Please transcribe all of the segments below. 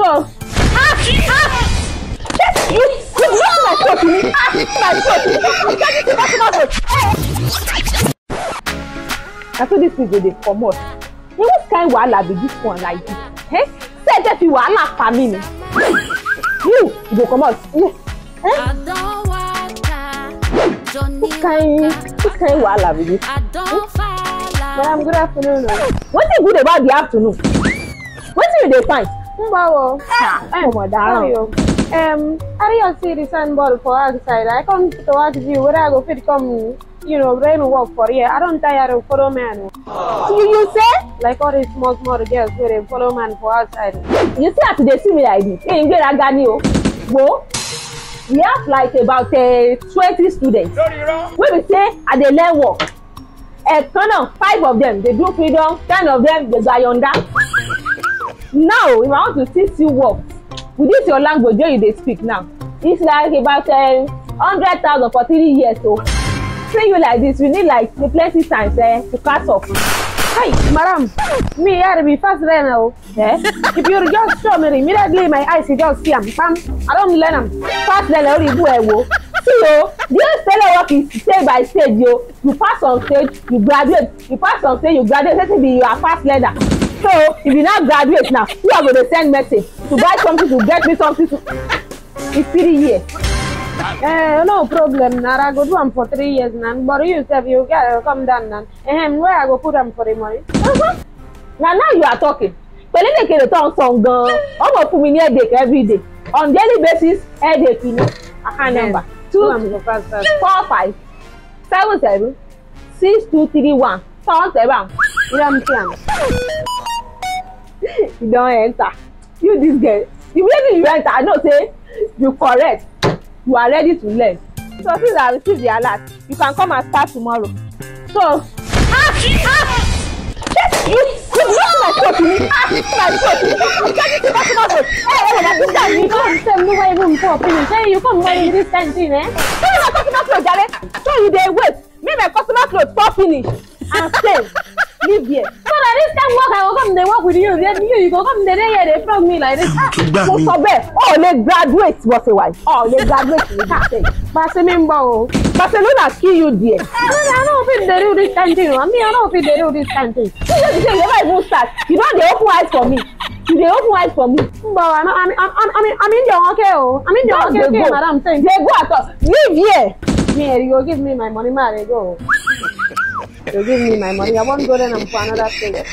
sauce. Ah! Ah! You, you broke my throat to me. Ah! My throat. You can't get back my throat. Na so dis video dey comot. Na what kind wahala be dis one like this? Hey, eh? Say that you wahala pa me You, you go comot. Eh? What kind, what kind of wahala be this? I'm eh? good afternoon. Wetin good about the afternoon? Wetin you dey find? ń bọ̀ wọ̀ ọmọ dáràn um, hurry you see the signboard for outside. I come to ask you whether I go fit come, you know, rain work for here. I don't tire of follow man. You, you say? Like all the small, small girls where they follow man for outside. You see, after they see me like this, hey, get Agani, go. We have like about uh, twenty students. When we say, I dey learn work. A uh, kind five of them, they do freedom, ten of them, they go yonder now if i want to see still work with this your language wey you dey speak now it's like about um, hundred thousand for three years o oh. so. treat you like this we need like the plenty times eh, to catch up. Hey, madam. Me here be fast learner o. Oh. Eh? If you just show me immediately my eyes you just see am pam. I don learn am. Fast learner ori do ẹ eh, wo. See o, oh, this tailor work is stage by stage o. You pass on stage, you graduate. You pass on stage, you graduate. Say be your fast learner so if you now graduate now you are go dey send message to buy something to get me something to e three years. Eh, no problem na i go do am for three years na but you sef you get uh, come down na ehem um, where i go put am for the money. Uh-huh. na now you are talking pelédèké dey turn sun gan ọmọ fún mi ní headache every day on daily basis headache you know account number two four five seven seven six two three one four, seven you don't enter you this girl the reason you enter i know say you correct you are ready to learn so since i receive the alert you can come and start tomorrow so ah ah Yes, you you block my throat to me ah my throat you can't the customer throat eh eh this time you come same no way before finish say you come wear this kind thing eh carry my customer throat jare so you dey wait make my customer throat fall finish and save leave here ọkùnrin yóò rẹ́ mi yóò yìí kọ́kọ́ mi lè rẹ́yẹ̀ rẹ̀ fún mi láì rẹ̀ ká mo sọ bẹ́ẹ̀ ọ̀ lè graduate bó ṣe wà yìí ọ̀ lè graduate ní káṣẹ́ yìí bá a ṣe mi ń bọ̀ o Barcelona kí you there. ẹ̀rọ náà fi dèrè orí standing wa mi náà fi dèrè orí standing you just dey say you never even start you don dey open eyes for me you dey open eyes for me. mbọ wa no ami ami ami ndi ọwọn kẹ o ami ndi ọwọn kẹ kẹ madam sẹ́yìn. dey go at all leave here. mi èrìgò give me my money ma re go they give me my money i won't go there. am for another place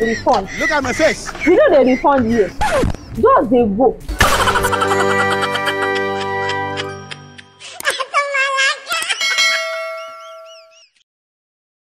refund. look at my face. you know they refund here just dey go.